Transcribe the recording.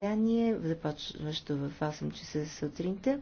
състояние, започващо в 8 часа сутринта.